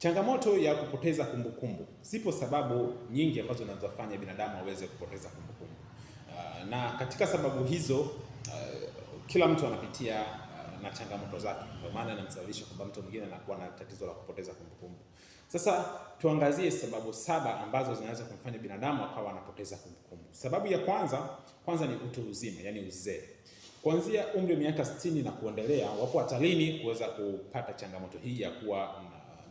Changamoto ya kupoteza kumbukumbu. Zipo sababu nyingi ambazo zinazofanya binadamu aweze kupoteza kumbukumbu kumbu. Ah, na katika sababu hizo uh, kila mtu anapitia uh, na changamoto zake, kwa maana inamsababisha kwamba mtu mwingine anakuwa na tatizo la kupoteza kumbukumbu. Sasa tuangazie sababu saba ambazo zinaweza kumfanya binadamu akawa anapoteza kumbukumbu. Sababu ya kwanza kwanza ni utu uzima, yani uzee. Kuanzia umri wa miaka 60 na kuendelea wapo hatarini kuweza kupata changamoto hii ya kuwa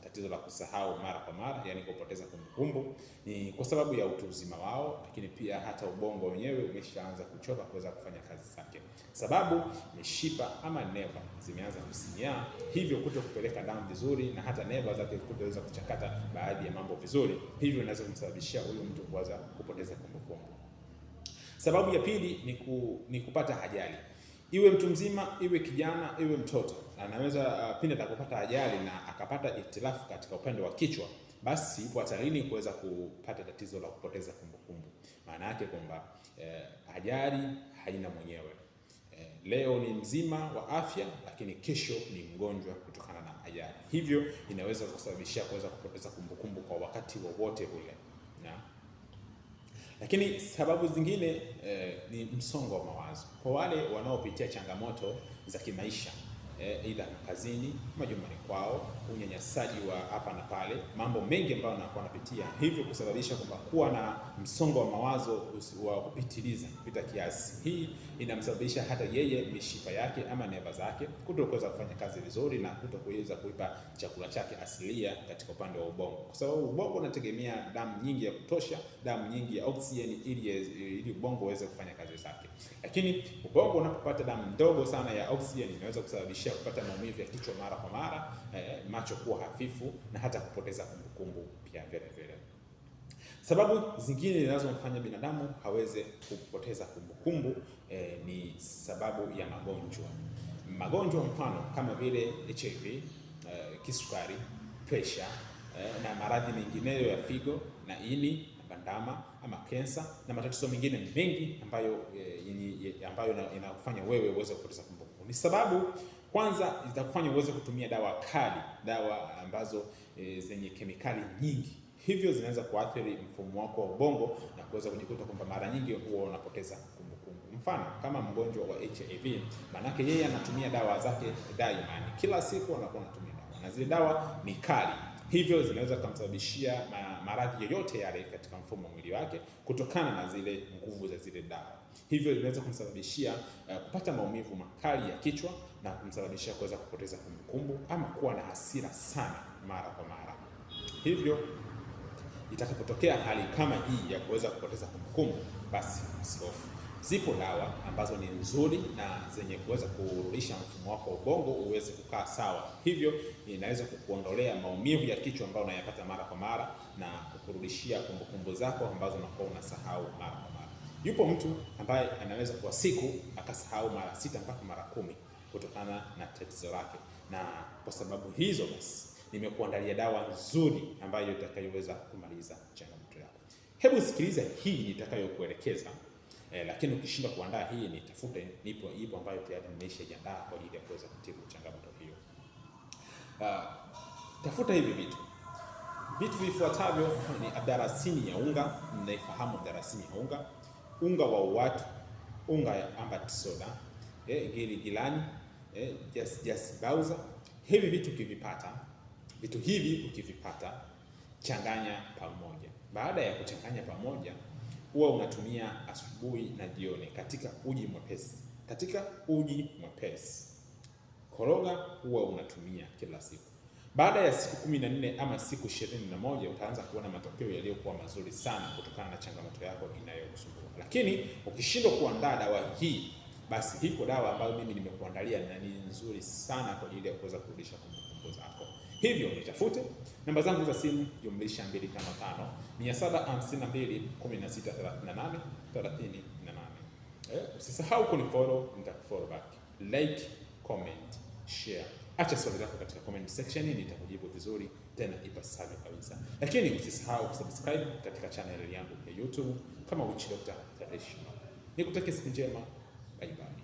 tatizo la kusahau mara kwa mara, yani kupoteza kumbukumbu, ni kwa sababu ya utu uzima wao, lakini pia hata ubongo wenyewe umeshaanza kuchoka kuweza kufanya kazi zake. Sababu mishipa ama neva zimeanza kusinyaa, hivyo kuto kupeleka damu vizuri, na hata neva zake kutoweza kuchakata baadhi ya mambo vizuri, hivyo inaweza kumsababishia huyu mtu kuweza kupoteza kumbukumbu. Sababu ya pili ni, ku, ni kupata ajali iwe mtu mzima, iwe kijana, iwe mtoto, anaweza uh, pindi atakapopata ajali na akapata itilafu katika upande wa kichwa, basi ipo hatarini kuweza kupata tatizo la kupoteza kumbukumbu. Maana yake kwamba eh, ajali haina mwenyewe eh, leo ni mzima wa afya, lakini kesho ni mgonjwa kutokana na ajali, hivyo inaweza kusababishia kuweza kupoteza kumbukumbu kwa wakati wowote ule na lakini sababu zingine eh, ni msongo wa mawazo kwa wale wanaopitia changamoto za kimaisha aidha eh, e, kazini, majumbani kwao, unyanyasaji wa hapa na pale, mambo mengi ambayo anakuwa anapitia, hivyo kusababisha kwamba kuwa na msongo wa mawazo wa kupitiliza kupita kiasi. Hii inamsababisha hata yeye mishipa yake ama neva zake kutokuweza kufanya kazi vizuri na kutokuweza kuipa chakula chake asilia katika upande wa ubongo, kwa sababu ubongo unategemea damu nyingi ya kutosha, damu nyingi ya oksijeni ili ili ubongo uweze kufanya kazi zake, lakini ubongo unapopata damu ndogo sana ya oksijeni inaweza kusababisha kisha kupata maumivu ya kichwa mara kwa mara, eh, macho kuwa hafifu na hata kupoteza kumbukumbu pia vile vile. Sababu zingine zinazomfanya binadamu haweze kupoteza kumbukumbu eh, ni sababu ya magonjwa. Magonjwa mfano kama vile HIV, eh, kisukari, presha eh, na maradhi mengineyo ya figo na ini bandama ama kensa na matatizo mengine mengi ambayo, e, ambayo inafanya wewe uweze kupoteza kumbukumbu ni sababu kwanza zitakufanya uweze kutumia dawa kali, dawa ambazo e, zenye kemikali nyingi, hivyo zinaweza kuathiri mfumo wako wa ubongo na kuweza kujikuta kwamba mara nyingi huwa unapoteza kumbukumbu. Mfano kama mgonjwa wa HIV, maanake yeye anatumia dawa zake daimani, kila siku anakuwa anatumia dawa na zile dawa ni kali hivyo zinaweza kumsababishia maradhi yoyote yale katika mfumo wa mwili wake kutokana na zile nguvu za zile dawa. Hivyo inaweza kumsababishia uh, kupata maumivu makali ya kichwa na kumsababishia kuweza kupoteza kumbukumbu ama kuwa na hasira sana mara kwa mara. Hivyo itakapotokea hali kama hii ya kuweza kupoteza kumbukumbu, basi msihofu. Zipo dawa ambazo ni nzuri na zenye kuweza kurudisha mfumo wako wa ubongo uweze kukaa sawa, hivyo inaweza kukuondolea maumivu ya kichwa ambayo unayapata mara kwa mara na kukurudishia kumbukumbu zako ambazo unakuwa unasahau mara kwa mara. Yupo mtu ambaye anaweza kwa siku akasahau mara sita mpaka mara kumi kutokana na tatizo lake, na kwa sababu hizo basi nimekuandalia dawa nzuri ambayo itakayoweza kumaliza changamoto yako. Hebu sikiliza hii nitakayokuelekeza. Eh, lakini ukishindwa kuandaa hii nitafute nipo ipo ambayo tayari nimeshajiandaa kwa ajili ya kuweza kutibu changamoto hiyo. Uh, tafuta hivi vitu vitu vifuatavyo ni adarasini ya unga. Mnaifahamu adarasini ya unga, unga wa uwatu, unga ya ambati soda, eh, gilani, eh, jas, jas bauza. Hivi vitu ukivipata, vitu hivi ukivipata, changanya pamoja. Baada ya kuchanganya pamoja huwa unatumia asubuhi na jioni katika uji mwepesi. Katika uji mwepesi koroga huwa unatumia kila siku. Baada ya siku kumi na nne ama siku ishirini na moja utaanza kuona matokeo yaliyokuwa mazuri sana kutokana na changamoto yako inayokusumbua. Lakini ukishindwa kuandaa dawa hii, basi hiko dawa ambayo mimi nimekuandalia na ni nzuri sana kwa ajili ya kuweza kurudisha kumbukumbu zako, hivyo nitafute Namba zangu za simu jumlisha 255 752 16 38 Eh, usisahau kunifollow, nitakufollow back. Like, comment, share. Acha swali lako katika comment section, nitakujibu vizuri tena ipasavyo kabisa. Lakini usisahau kusubscribe katika channel yangu ya YouTube kama Witch Doctor Traditional. Nikutakia siku njema. Bye bye.